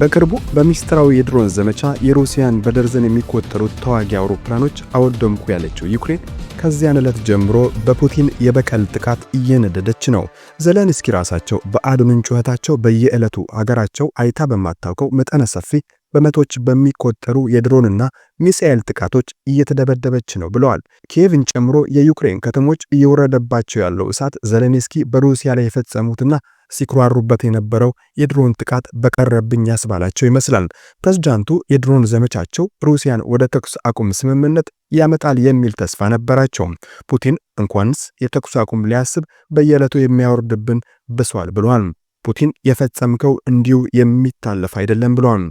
በቅርቡ በሚስጥራዊ የድሮን ዘመቻ የሩሲያን በደርዘን የሚቆጠሩት ተዋጊ አውሮፕላኖች አወደምኩ ያለችው ዩክሬን ከዚያን ዕለት ጀምሮ በፑቲን የበቀል ጥቃት እየነደደች ነው። ዘለንስኪ ራሳቸው በአድኑን ጩኸታቸው በየዕለቱ አገራቸው አይታ በማታውቀው መጠነ ሰፊ በመቶች በሚቆጠሩ የድሮንና ሚሳኤል ጥቃቶች እየተደበደበች ነው ብለዋል። ኪየቭን ጨምሮ የዩክሬን ከተሞች እየወረደባቸው ያለው እሳት ዘለንስኪ በሩሲያ ላይ የፈጸሙትና ሲኩራሩበት የነበረው የድሮን ጥቃት በቀረብኝ ያስባላቸው ይመስላል። ፕሬዝዳንቱ የድሮን ዘመቻቸው ሩሲያን ወደ ተኩስ አቁም ስምምነት ያመጣል የሚል ተስፋ ነበራቸው። ፑቲን እንኳንስ የተኩስ አቁም ሊያስብ በየዕለቱ የሚያወርድብን ብሷል ብሏል። ፑቲን የፈጸምከው እንዲሁ የሚታለፍ አይደለም ብሏል።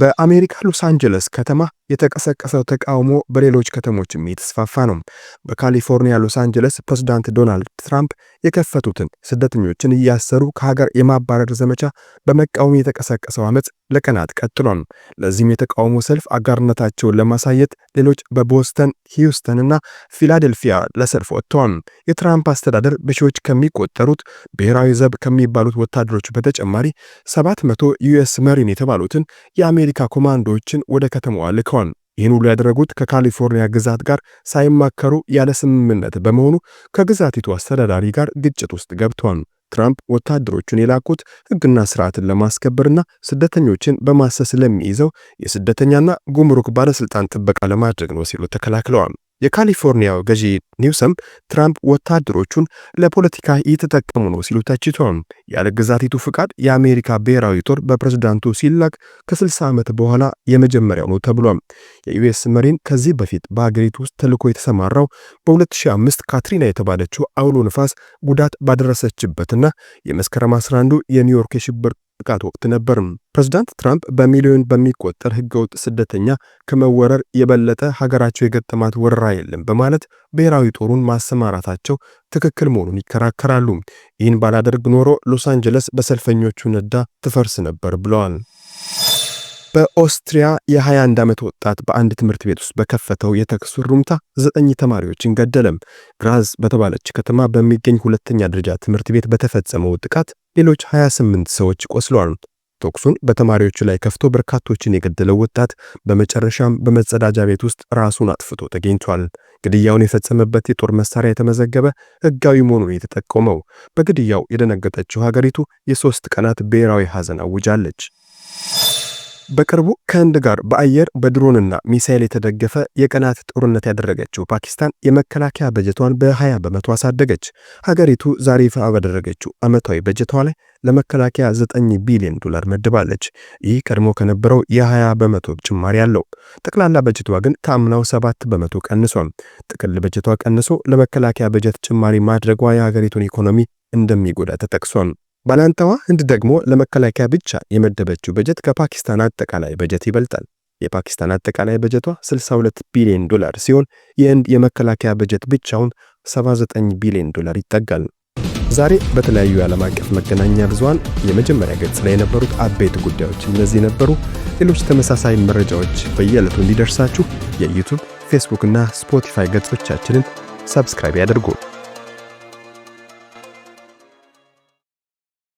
በአሜሪካ ሎስ አንጀለስ ከተማ የተቀሰቀሰው ተቃውሞ በሌሎች ከተሞችም የተስፋፋ ነው። በካሊፎርኒያ ሎስ አንጀለስ ፕሬዝዳንት ዶናልድ ትራምፕ የከፈቱትን ስደተኞችን እያሰሩ ከሀገር የማባረር ዘመቻ በመቃወም የተቀሰቀሰው ዓመፅ ለቀናት ቀጥሏል። ለዚህም የተቃውሞ ሰልፍ አጋርነታቸውን ለማሳየት ሌሎች በቦስተን፣ ሂውስተን እና ፊላዴልፊያ ለሰልፍ ወጥተዋል። የትራምፕ አስተዳደር በሺዎች ከሚቆጠሩት ብሔራዊ ዘብ ከሚባሉት ወታደሮች በተጨማሪ 700 ዩኤስ መሪን የተባሉትን የአሜሪካ ኮማንዶዎችን ወደ ከተማዋ ልከዋል። ይህን ሁሉ ያደረጉት ከካሊፎርኒያ ግዛት ጋር ሳይማከሩ ያለ ስምምነት በመሆኑ ከግዛቲቱ አስተዳዳሪ ጋር ግጭት ውስጥ ገብቷል። ትራምፕ ወታደሮቹን የላኩት ሕግና ስርዓትን ለማስከበርና ስደተኞችን በማሰስ ለሚይዘው የስደተኛና ጉምሩክ ባለስልጣን ጥበቃ ለማድረግ ነው ሲሉ ተከላክለዋል። የካሊፎርኒያው ገዢ ኒውሰም ትራምፕ ወታደሮቹን ለፖለቲካ እየተጠቀሙ ነው ሲሉ ተችቷል። ያለ ግዛቲቱ ፍቃድ የአሜሪካ ብሔራዊ ጦር በፕሬዝዳንቱ ሲላክ ከ60 ዓመት በኋላ የመጀመሪያው ነው ተብሏል። የዩኤስ መሪን ከዚህ በፊት በአገሪቱ ውስጥ ተልኮ የተሰማራው በ2005 ካትሪና የተባለችው አውሎ ንፋስ ጉዳት ባደረሰችበትና የመስከረም 11 የኒውዮርክ የሽብር ጥቃት ወቅት ነበርም። ፕሬዝዳንት ትራምፕ በሚሊዮን በሚቆጠር ህገወጥ ስደተኛ ከመወረር የበለጠ ሀገራቸው የገጠማት ወረራ የለም በማለት ብሔራዊ ጦሩን ማሰማራታቸው ትክክል መሆኑን ይከራከራሉ። ይህን ባላደርግ ኖሮ ሎስ አንጀለስ በሰልፈኞቹ ነዳ ትፈርስ ነበር ብለዋል። በኦስትሪያ የ21 ዓመት ወጣት በአንድ ትምህርት ቤት ውስጥ በከፈተው የተኩስ ሩምታ ዘጠኝ ተማሪዎችን ገደለም። ግራዝ በተባለች ከተማ በሚገኝ ሁለተኛ ደረጃ ትምህርት ቤት በተፈጸመው ጥቃት ሌሎች 28 ሰዎች ቆስለዋል። ተኩሱን በተማሪዎቹ ላይ ከፍቶ በርካቶችን የገደለው ወጣት በመጨረሻም በመጸዳጃ ቤት ውስጥ ራሱን አጥፍቶ ተገኝቷል። ግድያውን የፈጸመበት የጦር መሳሪያ የተመዘገበ ሕጋዊ መሆኑን የተጠቆመው በግድያው የደነገጠችው ሀገሪቱ የሶስት ቀናት ብሔራዊ ሐዘን አውጃለች። በቅርቡ ከህንድ ጋር በአየር በድሮንና ሚሳይል የተደገፈ የቀናት ጦርነት ያደረገችው ፓኪስታን የመከላከያ በጀቷን በ20 በመቶ አሳደገች። ሀገሪቱ ዛሬ ይፋ ባደረገችው ዓመታዊ በጀቷ ላይ ለመከላከያ 9 ቢሊዮን ዶላር መድባለች። ይህ ቀድሞ ከነበረው የ20 በመቶ ጭማሪ አለው። ጠቅላላ በጀቷ ግን ከአምናው 7 በመቶ ቀንሷል። ጥቅል በጀቷ ቀንሶ ለመከላከያ በጀት ጭማሪ ማድረጓ የሀገሪቱን ኢኮኖሚ እንደሚጎዳ ተጠቅሷል። ባላንጣዋ ህንድ ደግሞ ለመከላከያ ብቻ የመደበችው በጀት ከፓኪስታን አጠቃላይ በጀት ይበልጣል። የፓኪስታን አጠቃላይ በጀቷ 62 ቢሊዮን ዶላር ሲሆን የህንድ የመከላከያ በጀት ብቻውን 79 ቢሊዮን ዶላር ይጠጋል። ዛሬ በተለያዩ የዓለም አቀፍ መገናኛ ብዙሃን የመጀመሪያ ገጽ ላይ የነበሩት አበይት ጉዳዮች እነዚህ ነበሩ። ሌሎች ተመሳሳይ መረጃዎች በየዕለቱ እንዲደርሳችሁ የዩቱብ ፌስቡክ እና ስፖቲፋይ ገጾቻችንን ሰብስክራይብ ያድርጉ።